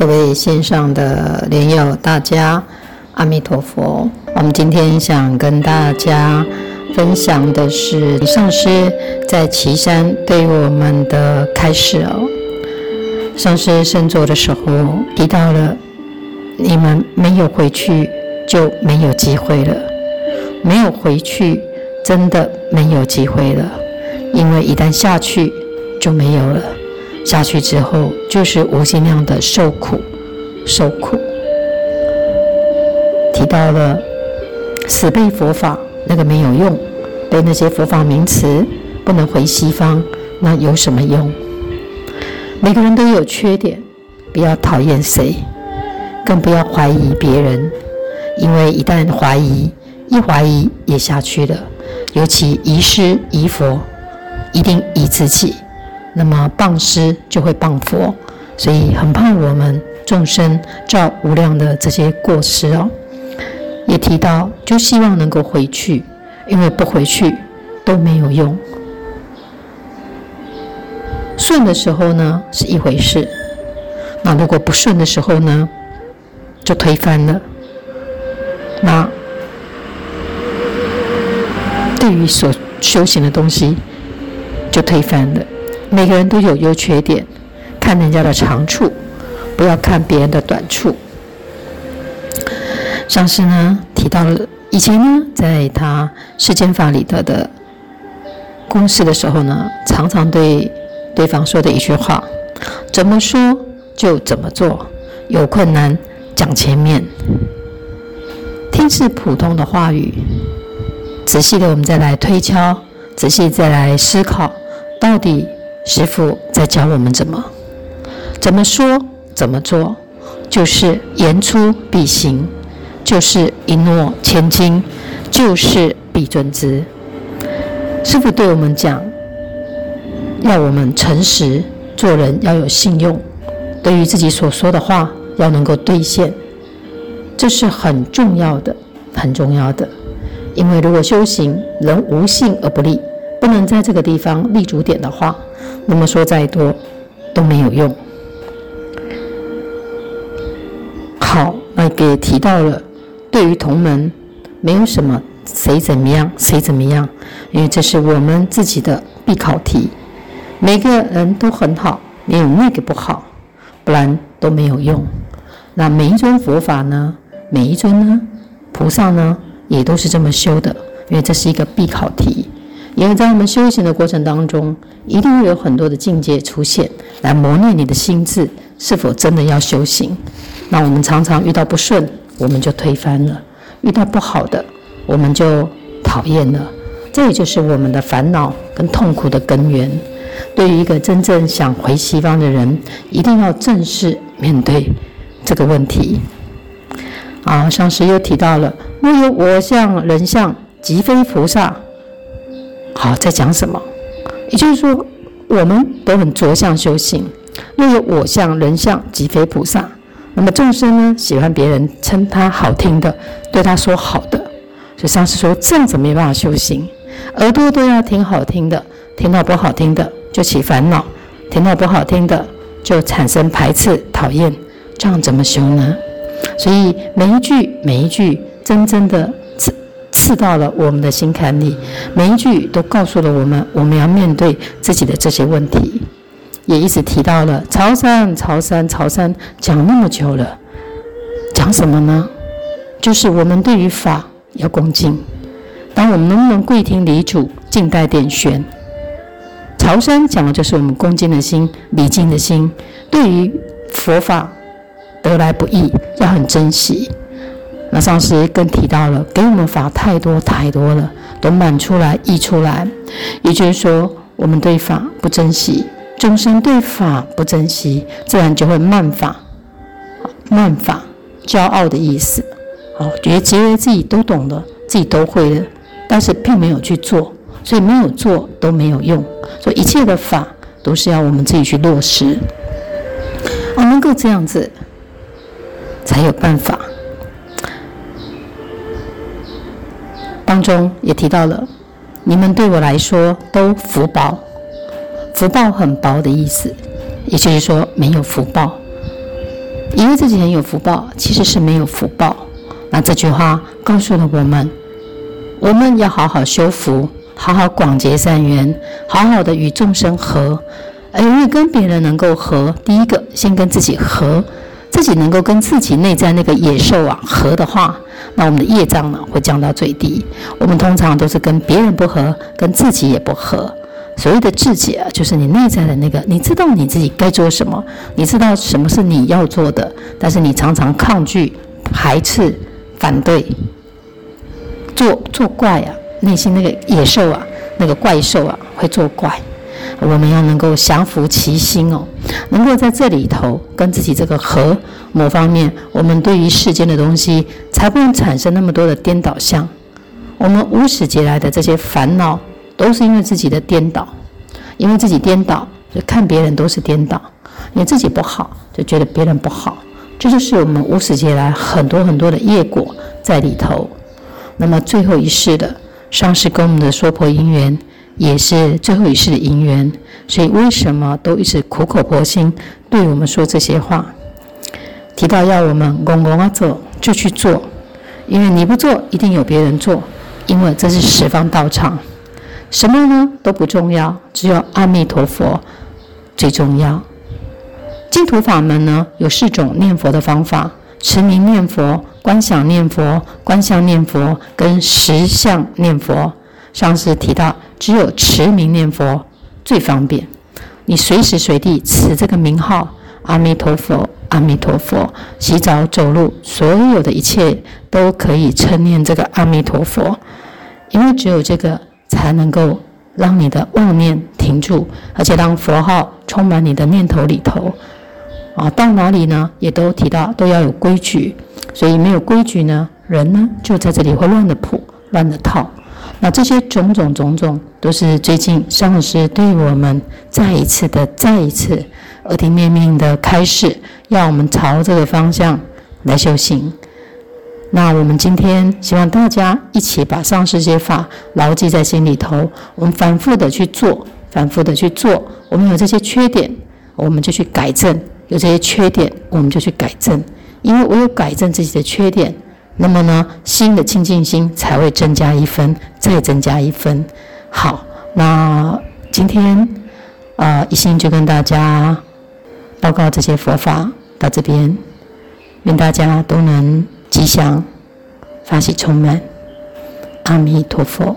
各位線上的蓮友，大家阿彌陀佛。我們今天想跟大家分享的是，上師在岐山對於我們的開示哦，上師升座的時候提到了，你們沒有回去就沒有機會了，沒有回去真的沒有機會了，因為一旦下去就沒有了。下去之後就是無限量的受苦，受苦。提到了死背佛法那個沒有用，背那些佛法名詞不能回西方，那有什麼用？每個人都有缺點，不要討厭誰，更不要懷疑別人，因為一旦懷疑，一懷疑也下去了。尤其疑師疑佛，一定疑自己。那麼謗師就會謗佛，所以很怕我們眾生造無量的這些過失哦。也提到，就希望能夠回去，因為不回去都沒有用。順的時候呢是一回事，那如果不順的時候呢，就推翻了。那對於所修行的東西，就推翻了。每個人都有優缺點，看人家的長處，不要看別人的短處。上次呢，提到了以前呢，在他世間法裡的公司的時候呢，常常對對方說的一句話：“怎麼說就怎麼做，有困難講前面。”聽似普通的話語，仔細的我們再來推敲，仔細再來思考，到底。師傅在教我們怎麼怎麼說怎麼做，就是言出必行，就是一諾千金，就是必遵之。師傅對我們講，要我們誠實做人，要有信用，對於自己所說的話要能夠兌現，這是很重要的，很重要的。因為如果修行人無信而不立，不能在這個地方立足點的話。那麼說再多都沒有用。好，那也提到了，對於同門沒有什麼誰怎麼樣，誰怎麼樣，因為這是我們自己的必考題。每個人都很好，沒有那個不好，不然都沒有用。那每一尊佛法呢，每一尊呢，菩薩呢，也都是這麼修的，因為這是一個必考題。因為在我們修行的過程當中，一定會有很多的境界出現，來磨練你的心智。是否真的要修行？那我們常常遇到不順，我們就推翻了；遇到不好的，我們就討厭了。這也就是我們的煩惱跟痛苦的根源。對於一個真正想回西方的人，一定要正視面對這個問題。啊，上師又提到了：若有我相、人相，即非菩薩。好，在講什麼？也就是說，我們都很着相修行，若有我相、人相，即非菩薩。那麼眾生呢，喜歡別人稱他好聽的，對他說好的。所以上次說，這樣子沒辦法修行。耳朵都要聽好聽的，聽到不好聽的就起煩惱，聽到不好聽的就產生排斥、討厭，這樣怎麼修呢？所以每一句、每一句，真正的。刺到了我們的心坎裡，每一句都告訴了我們，我們要面對自己的這些問題。也一直提到了朝山，朝山，朝山，講那麼久了，講什麼呢？就是我們對於法要恭敬，當我們能不能跪聽禮主，靜待點懸，朝山講的就是我們恭敬的心，禮敬的心，對於佛法得來不易，要很珍惜。那上師更提到了，給我們法太多太多了，都滿出來溢出來，也就是說，我們對法不珍惜，眾生對法不珍惜，自然就會慢法，慢法，驕傲的意思。好，哦，覺覺得自己都懂了，自己都會了，但是並沒有去做，所以沒有做都沒有用，所以一切的法都是要我們自己去落實。啊，能夠這樣子，才有辦法。當中也提到了，你們對我來說都福薄，福報很薄的意思，也就是說沒有福報。以為自己很有福報，其實是沒有福報。那這句話告訴了我們，我們要好好修福，好好廣結善緣，好好的與眾生和。而因為跟別人能夠和，第一個先跟自己和。自己能夠跟自己內在那個野獸啊合的話，那我們的業障呢會降到最低。我們通常都是跟別人不合，跟自己也不合。所謂的自己啊，就是你內在的那個，你知道你自己該做什麼，你知道什麼是你要做的，但是你常常抗拒、排斥、反對，作作怪啊，內心那個野獸啊，那個怪獸啊會作怪。我們要能夠降伏其心哦，能夠在這裡頭跟自己這個和某方面，我們對於世間的東西才不用產生那麼多的顛倒相。我們無始劫來的這些煩惱，都是因為自己的顛倒，因為自己顛倒，就看別人都是顛倒，因為自己不好就覺得別人不好，這就，就是我們無始劫來很多很多的業果在裡頭。那麼最後一世的上師跟我們的娑婆因緣。也是最後一世的因緣，所以為什麼都一直苦口婆心對我們說這些話？提到要我們公公啊做就去做，因為你不做一定有別人做，因為這是十方道場，什麼呢都不重要，只有阿彌陀佛最重要。淨土法門呢有四種念佛的方法：持名念佛、觀想念佛、觀相念佛跟實相念佛。上次提到，只有持名念佛最方便。你隨時隨地持這個名號“阿彌陀佛，阿彌陀佛”，洗澡、走路，所有的一切都可以稱念這個“阿彌陀佛”。因為只有這個才能夠讓你的妄念停住，而且讓佛號充滿你的念頭裡頭，啊，到哪裡呢？也都提到都要有規矩，所以沒有規矩呢，人呢就在這裡會亂的譜，亂的套。那這些種種種種，都是最近上師對我們再一次的、再一次耳提面命的開示，讓我們朝這個方向來修行。那我們今天希望大家一起把上師這些法牢記在心裡頭，我們反覆的去做，反覆的去做。我們有這些缺點，我們就去改正；有這些缺點，我們就去改正。因為我有改正自己的缺點。那麼呢，心的清淨心才會增加一分，再增加一分。好，那今天啊、呃，一心就跟大家報告這些佛法到這邊，願大家都能吉祥，法喜充滿。阿彌陀佛。